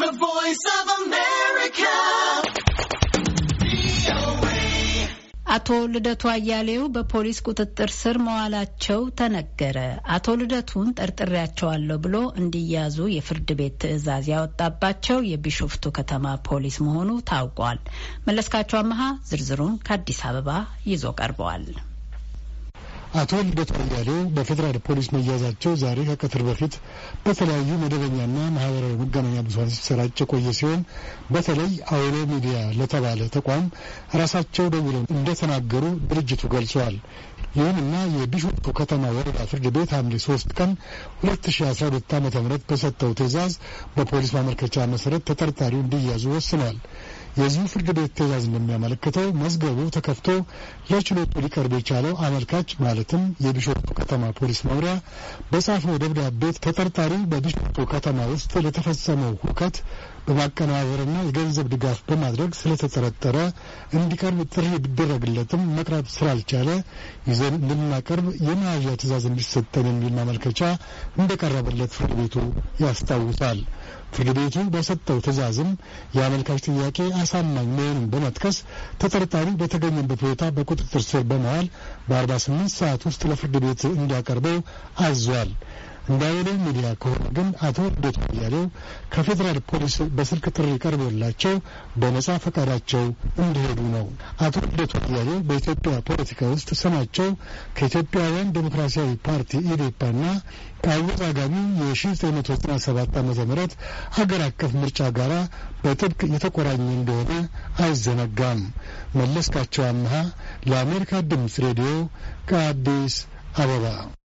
The Voice of America. አቶ ልደቱ አያሌው በፖሊስ ቁጥጥር ስር መዋላቸው ተነገረ። አቶ ልደቱን ጠርጥሬያቸዋለሁ ብሎ እንዲያዙ የፍርድ ቤት ትዕዛዝ ያወጣባቸው የቢሾፍቱ ከተማ ፖሊስ መሆኑ ታውቋል። መለስካቸው አመሃ ዝርዝሩን ከአዲስ አበባ ይዞ ቀርበዋል። አቶ ልደቱ አያሌው በፌዴራል ፖሊስ መያዛቸው ዛሬ ከቀትር በፊት በተለያዩ መደበኛና አድራሻቸውን ሲሰራጭ የቆየ ሲሆን በተለይ አውሎ ሚዲያ ለተባለ ተቋም ራሳቸው ደውለው እንደተናገሩ ድርጅቱ ገልጸዋል። ይሁንና የቢሾፍቱ ከተማ ወረዳ ፍርድ ቤት ሐምሌ ሶስት ቀን ሁለት ሺ አስራ ሁለት ዓመተ ምህረት በሰጠው ትዕዛዝ በፖሊስ ማመልከቻ መሰረት ተጠርጣሪው እንዲያዙ ወስኗል። የዚሁ ፍርድ ቤት ትዕዛዝ እንደሚያመለክተው መዝገቡ ተከፍቶ ለችሎቱ ሊቀርብ የቻለው አመልካች ማለትም የቢሾፍቱ ከተማ ፖሊስ መምሪያ በጻፈው ደብዳቤ ተጠርጣሪ በቢሾፍቱ ከተማ ውስጥ ለተፈጸመው ሁከት በማቀነባበርና የገንዘብ ድጋፍ በማድረግ ስለተጠረጠረ እንዲቀርብ ጥሪ ቢደረግለትም መቅረብ ስላልቻለ ይዘን እንድናቀርብ የመያዣ ትእዛዝ እንዲሰጠን የሚል ማመልከቻ እንደቀረበለት ፍርድ ቤቱ ያስታውሳል። ፍርድ ቤቱ በሰጠው ትእዛዝም የአመልካች ጥያቄ አሳማኝ መሆኑን በመጥቀስ ተጠርጣሪ በተገኘበት ሁኔታ በቁጥጥር ስር በመዋል በ48 ሰዓት ውስጥ ለፍርድ ቤት እንዲያቀርበው አዟል። እንደ አወሬው ሚዲያ ከሆነ ግን አቶ ልደቱ አያሌው ከፌዴራል ፖሊስ በስልክ ጥሪ ቀርቦላቸው በነጻ ፈቃዳቸው እንዲሄዱ ነው። አቶ ልደቱ አያሌው በኢትዮጵያ ፖለቲካ ውስጥ ስማቸው ከኢትዮጵያውያን ዴሞክራሲያዊ ፓርቲ ኢዴፓና ከአወዛጋቢ የ1997 ዓ ም ሀገር አቀፍ ምርጫ ጋር በጥብቅ የተቆራኘ እንደሆነ አይዘነጋም። መለስካቸው አምሃ ለአሜሪካ ድምፅ ሬዲዮ ከአዲስ አበባ